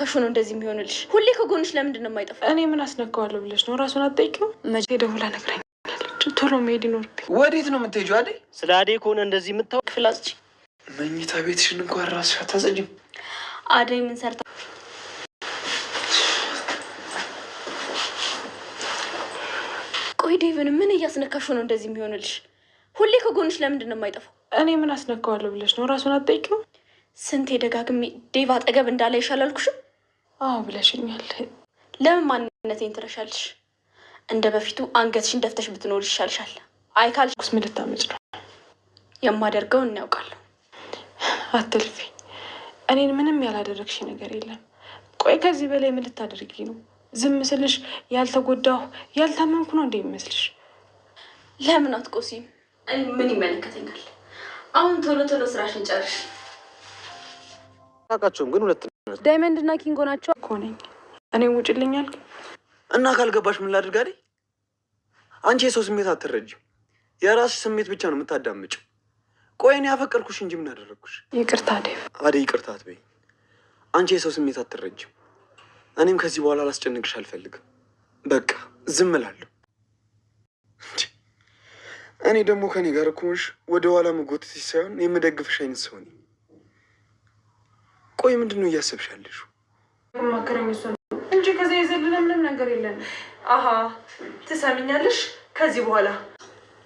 እየነካሽ ነው እንደዚህ የሚሆንልሽ። ሁሌ ከጎንሽ ለምንድን ነው የማይጠፋ? እኔ ምን አስነካዋለሁ ብለሽ ነው? ራሱን አትጠይቂው። መቼ ደውላ ነግራኝ ቶሎ መሄድ ይኖርብኝ። ወዴት ነው የምትሄጂው? አዴ ስለ አዴ ከሆነ እንደዚህ የምታወቅ ክፍል አጽጂ። መኝታ ቤትሽን እንኳን ራስሽ አታጸጂም። አዴ ምን ሰርታ ቆይ ዴቭን ምን እያስነካሹ ነው እንደዚህ የሚሆንልሽ? ሁሌ ከጎንሽ ለምንድን ነው የማይጠፋው? እኔ ምን አስነካዋለሁ ብለሽ ነው? ራሱን አትጠይቂው። ስንቴ ደጋግሜ ዴቭ አጠገብ እንዳለ ይሻላልኩሽም አዎ ብለሽኛል። ለምን ማንነቴን ትረሻልሽ? እንደ በፊቱ አንገትሽን ደፍተሽ ብትኖር ይሻልሻል። አይ ኩስ ምን ልታመጭ ነው? የማደርገው እናያውቃለሁ። አትልፊ። እኔን ምንም ያላደረግሽ ነገር የለም። ቆይ ከዚህ በላይ ምን ልታደርጊ ነው? ዝም ስልሽ ያልተጎዳሁ ያልታመምኩ ነው እንዴ ይመስልሽ? ለምን አትቆሲም? ምን ይመለከተኛል? አሁን ቶሎ ቶሎ ስራሽን ጨርሽ። አውቃቸውም ግን ሁለት ዳይመንድ እና ኪንጎ ናቸው እኮ ነኝ እኔ ውጭልኛል። እና ካልገባሽ ምን ላድርግ አይደል? አንቺ የሰው ስሜት አትረጅም፣ የራስ ስሜት ብቻ ነው የምታዳምጭው። ቆይ እኔ ያፈቀርኩሽ እንጂ ምን አደረግኩሽ? ይቅርታ ዴቭ። አይደል ይቅርታ አትበይ። አንቺ የሰው ስሜት አትረጅም። እኔም ከዚህ በኋላ ላስጨንቅሽ አልፈልግም። በቃ ዝም እላለሁ። እኔ ደግሞ ከኔ ጋር ከሆንሽ ወደ ኋላ መጎተትሽ ሳይሆን የምደግፍሽ አይነት ሰው ነኝ። ቆይ ምንድን ነው እያሰብሻለሽ? እንጂ ከዚያ የዘለለ ምንም ነገር የለን። አሀ ትሰምኛለሽ? ከዚህ በኋላ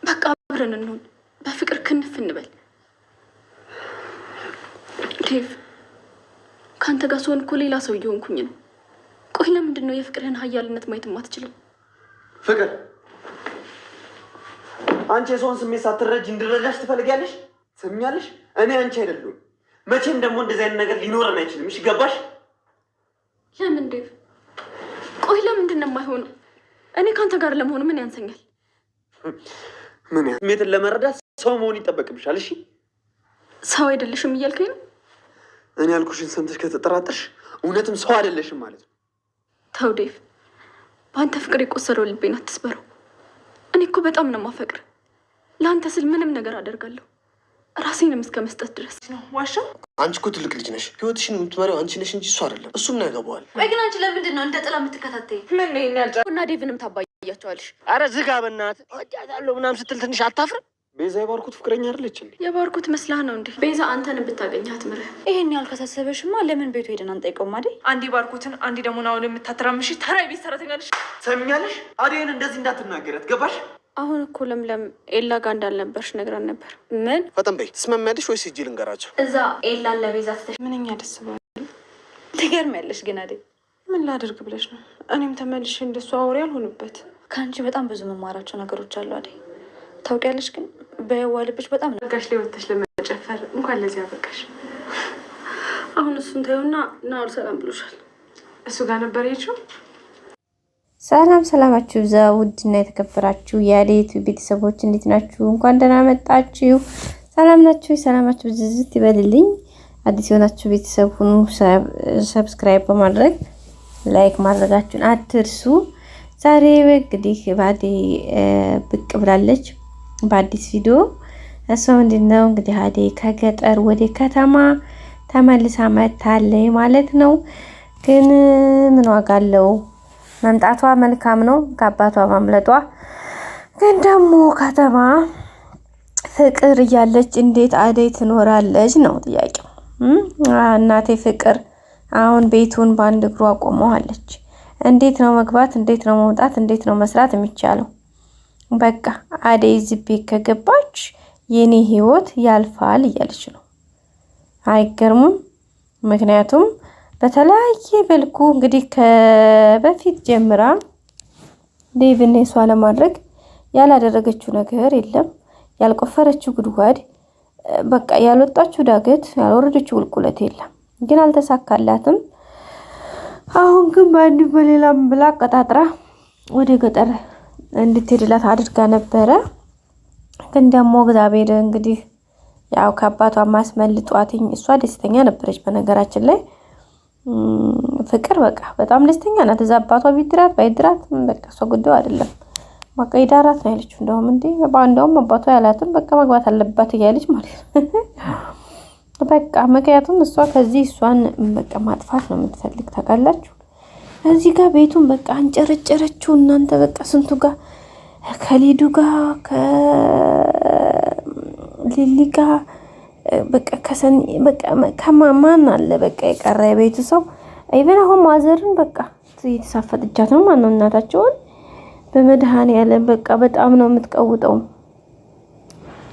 በቃ አብረን እንሆን፣ በፍቅር ክንፍ እንበል። ዴቭ ከአንተ ጋር ስሆን እኮ ሌላ ሰው እየሆንኩኝ ነው። ቆይ ለምንድን ነው የፍቅርህን ሀያልነት ማየት ማትችልም? ፍቅር አንቺ የሰውን ስሜት ሳትረጅ እንድረዳሽ ትፈልጊያለሽ? ትሰሚኛለሽ? እኔ አንቺ አይደለሁም መቼም ደግሞ እንደዚህ አይነት ነገር ሊኖረን አይችልም። እሺ ገባሽ? ለምን ዴቭ? ቆይ ለምንድን ነው የማይሆነው? እኔ ከአንተ ጋር ለመሆኑ ምን ያንሰኛል? ምን ያ ስሜትን ለመረዳት ሰው መሆን ይጠበቅብሻል። እሺ ሰው አይደለሽም እያልከኝ ነው? እኔ ያልኩሽን ሰምተሽ ከተጠራጠርሽ እውነትም ሰው አይደለሽም ማለት ነው። ተው ዴቭ፣ በአንተ ፍቅር የቆሰለው ልቤን አትስበረው። እኔ እኮ በጣም ነው የማፈቅር። ለአንተ ስል ምንም ነገር አደርጋለሁ። ራሴንም እስከ መስጠት ድረስ ነው። ዋሻ አንቺ እኮ ትልቅ ልጅ ነሽ። ህይወትሽን የምትመሪው አንቺ ነሽ እንጂ እሱ አይደለም። እሱም ምን ያገባዋል? ወይ ግን አንቺ ለምንድን ነው እንደ ጥላ የምትከታተይ? ምን ይህን እና ዴቭንም ታባያቸዋለሽ። አረ ዝጋ በናት ወጃታለሁ ምናም ስትል ትንሽ አታፍርም? ቤዛ የባርኩት ፍቅረኛ አይደለች እንዴ? የባርኩት መስላህ ነው እንዴ? ቤዛ አንተን ብታገኛት ምርህ ይሄን ያህል ካሳሰበሽማ ለምን ቤቱ ሄደን አንጠይቀው? አዴ አንዴ ባርኩትን አንዴ ደግሞ ናሁን የምታተራምሽ ተራ ቤት ሰራተኛ ነሽ። ሰሚኛለሽ? አዴን እንደዚህ እንዳትናገረት ገባሽ? አሁን እኮ ለምለም ኤላ ጋ እንዳልነበርሽ ነግራን ነበር። ምን ፈጠን በይ ትስማሚያለሽ ወይስ ሂጂ ልንገራቸው? እዛ ኤላን ለቤዛ ትተሽ ምንኛ ደስ ባለኝ። ትገርሚያለሽ ግን አይደል? ምን ላድርግ ብለሽ ነው? እኔም ተመልሼ እንደሱ አውሬ አልሆንበት። ከአንቺ በጣም ብዙ መማራቸው ነገሮች አሉ አይደል? ታውቂያለሽ ግን በየዋ ልብሽ በጣም ነጋሽ ላይ ወጥተሽ ለመጨፈር እንኳን ለዚህ አበቃሽ። አሁን እሱን ታዩና ናውል ሰላም ብሎሻል። እሱ ጋር ነበር የሄድሽው? ሰላም ሰላማችሁ ብዛ ውድና የተከበራችሁ የአዴቱ ቤተሰቦች እንዴት ናችሁ? እንኳን ደህና መጣችሁ። ሰላም ናችሁ? ሰላማችሁ ብዝዝት ይበልልኝ። አዲስ የሆናችሁ ቤተሰብ ሁኑ። ሰብስክራይብ በማድረግ ላይክ ማድረጋችሁን አትርሱ። ዛሬ እንግዲህ ባዴ ብቅ ብላለች በአዲስ ቪዲዮ። እሷ ምንድን ነው እንግዲህ አዴ ከገጠር ወደ ከተማ ተመልሳ መታለች ማለት ነው። ግን ምን ዋጋ አለው መምጣቷ መልካም ነው ከአባቷ ማምለጧ። ግን ደግሞ ከተማ ፍቅር እያለች እንዴት አደይ ትኖራለች ነው ጥያቄው። እናቴ ፍቅር አሁን ቤቱን በአንድ እግሩ አቆመዋለች። እንዴት ነው መግባት፣ እንዴት ነው መውጣት፣ እንዴት ነው መስራት የሚቻለው? በቃ አደይ ዝቤ ከገባች የኔ ህይወት ያልፋል እያለች ነው። አይገርሙም? ምክንያቱም በተለያየ መልኩ እንግዲህ ከበፊት ጀምራ ዴቭን የሷ ለማድረግ ያላደረገችው ነገር የለም። ያልቆፈረችው ጉድጓድ በቃ ያልወጣችው ዳገት ያልወረደችው ቁልቁለት የለም። ግን አልተሳካላትም። አሁን ግን በአንድ በሌላም ብላ አቀጣጥራ ወደ ገጠር እንድትሄድላት አድርጋ ነበረ። ግን ደግሞ እግዚአብሔር እንግዲህ ያው ከአባቷ ማስመልጧትኝ እሷ ደስተኛ ነበረች በነገራችን ላይ ፍቅር በቃ በጣም ደስተኛ ናት። እዛ አባቷ ቢድራት ባይድራት በቃ እሷ ጉዳዩ አይደለም። በቃ ይዳራት ነው ያለችው። እንደውም እንዲ እንደውም አባቷ ያላትም በቃ መግባት አለባት እያለች ማለት ነው። በቃ ምክንያቱም እሷ ከዚህ እሷን በቃ ማጥፋት ነው የምትፈልግ ታውቃላችሁ። እዚህ ጋር ቤቱን በቃ አንጨረጨረችው። እናንተ በቃ ስንቱ ጋር ከሊዱ ጋር ከሊሊ ጋር በቃ በቃ ከማማን አለ በቃ የቀረ የቤቱ ሰው ኢቨን አሁን ማዘርን በቃ የተሳፈጠቻት ነው ማነው እናታቸውን ያለ በቃ በጣም ነው የምትቀውጠው።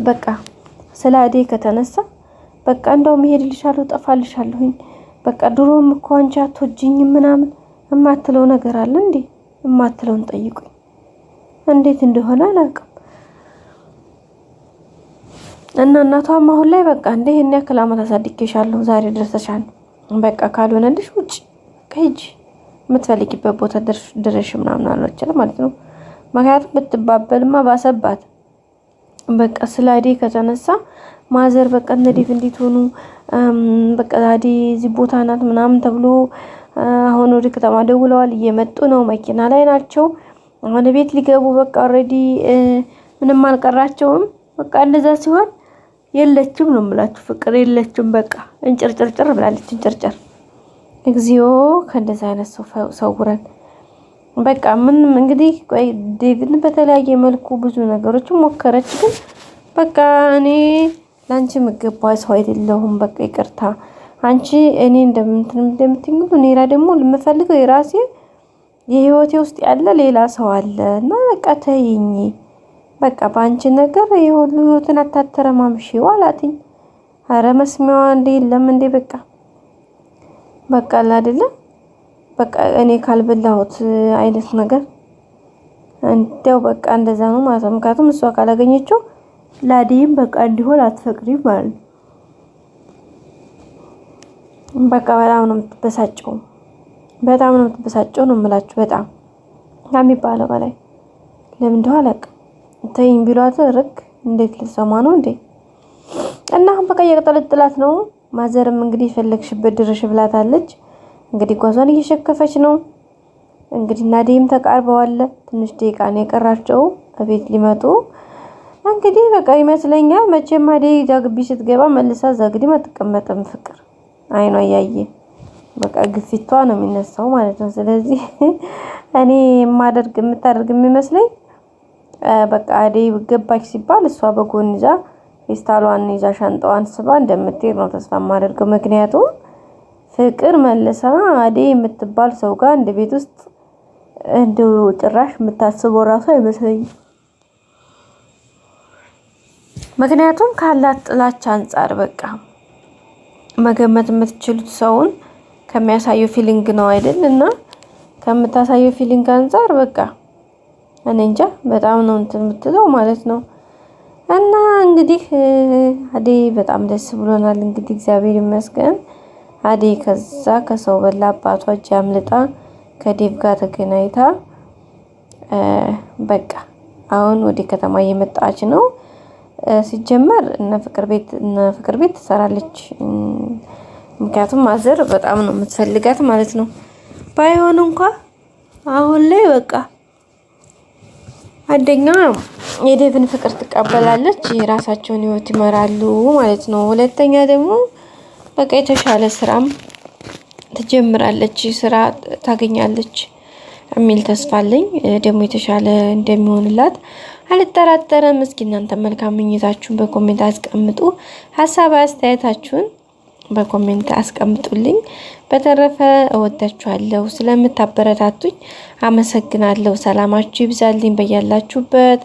በቃ ስለ አዴ ከተነሳ በቃ እንደውም እሄድልሻለሁ ጠፋልሻለሁኝ በቃ ድሮም እኮ አንቺ አትወጂኝም ምናምን የማትለው ነገር አለ እንዴ? የማትለውን ጠይቁኝ። እንዴት እንደሆነ አላውቅም። እና እናቷም አሁን ላይ በቃ እንደ ይህን ያክል ዓመት አሳድጌሻለሁ፣ ዛሬ ደርሰሻል፣ በቃ ካልሆነልሽ ውጭ ከሂጂ የምትፈልጊበት ቦታ ድረሽ ምናምን አሏችል ማለት ነው። ምክንያቱም ብትባበልማ ባሰባት። በቃ ስለ አዴ ከተነሳ ማዘር በቃ እነ እንዴት ሆኑ፣ በቃ አዴ እዚህ ቦታ ናት ምናምን ተብሎ አሁን ወደ ከተማ ደውለዋል፣ እየመጡ ነው፣ መኪና ላይ ናቸው፣ አሁን ቤት ሊገቡ በቃ ኦልሬዲ ምንም አልቀራቸውም። በቃ እንደዛ ሲሆን የለችም ነው የምላችሁ። ፍቅር የለችም በቃ እንጭርጭርጭር ብላለች። እንጭርጭር እግዚኦ ከእንደዚህ አይነት ሰው ሰውረን። በቃ ምንም እንግዲህ ቆይ ዴቪድን በተለያየ መልኩ ብዙ ነገሮችን ሞከረች፣ ግን በቃ እኔ ለአንቺ የምገባ ሰው አይደለሁም፣ በቃ ይቅርታ አንቺ እኔ እንደምንትን እንደምትኝ ኔራ ደግሞ የምፈልገው የራሴ የህይወቴ ውስጥ ያለ ሌላ ሰው አለ እና በቃ ተይኝ በቃ በአንቺ ነገር የሁሉ ህይወትን አታተረማምሺው አላትኝ። አረ መስሚያዋ እንዴ የለም እንዴ በቃ በቃ አይደለም በቃ እኔ ካልበላሁት አይነት ነገር እንደው በቃ እንደዛ ነው ማለት ነው። ምክንያቱም እሷ ካላገኘችው ላዲም በቃ እንዲሆን አትፈቅሪም ማለት ነው። በቃ በጣም ነው የምትበሳጨው፣ በጣም ነው የምትበሳጨው ነው የምላችሁ። በጣም ከሚባለው በላይ ለምን እንደሆነ አላውቅም። ተይኝ ቢሏት ርግ እንዴት ልሰማ ነው እንዴ? እና አሁን በቃ እየቀጠለጥላት ነው። ማዘርም እንግዲህ የፈለግሽበት ድርሽ ብላታለች። እንግዲህ ጓዟን እየሸከፈች ነው። እንግዲህ ናዴም ተቃርበዋል። ትንሽ ደቂቃ ነው የቀራቸው እቤት ሊመጡ። እንግዲህ በቃ ይመስለኛል መቼም ናዴ ጃግቢ ስትገባ መልሳ እዛ ግድም አትቀመጥም። ፍቅር አይኗ እያየ በቃ ግፊቷ ነው የሚነሳው ማለት ነው። ስለዚህ እኔ የማደርግ የምታደርግ የሚመስለኝ በቃ አደይ ገባች ሲባል እሷ በጎን ይዛ ፌስታሏን ይዛ ሻንጣዋን ስባ እንደምትሄድ ነው ተስፋ የማደርገው። ምክንያቱም ፍቅር መልሳ አደይ የምትባል ሰው ጋር እንደ ቤት ውስጥ እንደ ጭራሽ የምታስበው ራሱ አይመስለኝም። ምክንያቱም ካላት ጥላች አንጻር በቃ መገመት የምትችሉት ሰውን ከሚያሳየው ፊሊንግ ነው አይደል? እና ከምታሳየው ፊሊንግ አንጻር በቃ እኔ እንጃ በጣም ነው እንትን የምትለው ማለት ነው። እና እንግዲህ አዴ በጣም ደስ ብሎናል። እንግዲህ እግዚአብሔር ይመስገን። አዴ ከዛ ከሰው በላ አባቷ እጅ አምልጣ ከዴቭ ጋር ተገናኝታ በቃ አሁን ወደ ከተማ እየመጣች ነው። ሲጀመር እነ ፍቅር ቤት እነ ፍቅር ቤት ትሰራለች። ምክንያቱም ማዘር በጣም ነው የምትፈልጋት ማለት ነው። ባይሆን እንኳ አሁን ላይ በቃ አንደኛ የዴቭን ፍቅር ትቀበላለች፣ የራሳቸውን ህይወት ይመራሉ ማለት ነው። ሁለተኛ ደግሞ በቃ የተሻለ ስራም ትጀምራለች፣ ስራ ታገኛለች የሚል ተስፋ አለኝ። ደግሞ የተሻለ እንደሚሆንላት አልጠራጠረም እስኪ እናንተ መልካም ምኞታችሁን በኮሜንት አስቀምጡ። ሀሳብ አስተያየታችሁን በኮሜንት አስቀምጡልኝ። በተረፈ እወዳችኋለሁ። ስለምታበረታቱኝ አመሰግናለሁ። ሰላማችሁ ይብዛልኝ በያላችሁበት።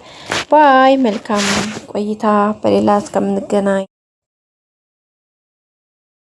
ባይ። መልካም ቆይታ። በሌላ እስከምንገናኝ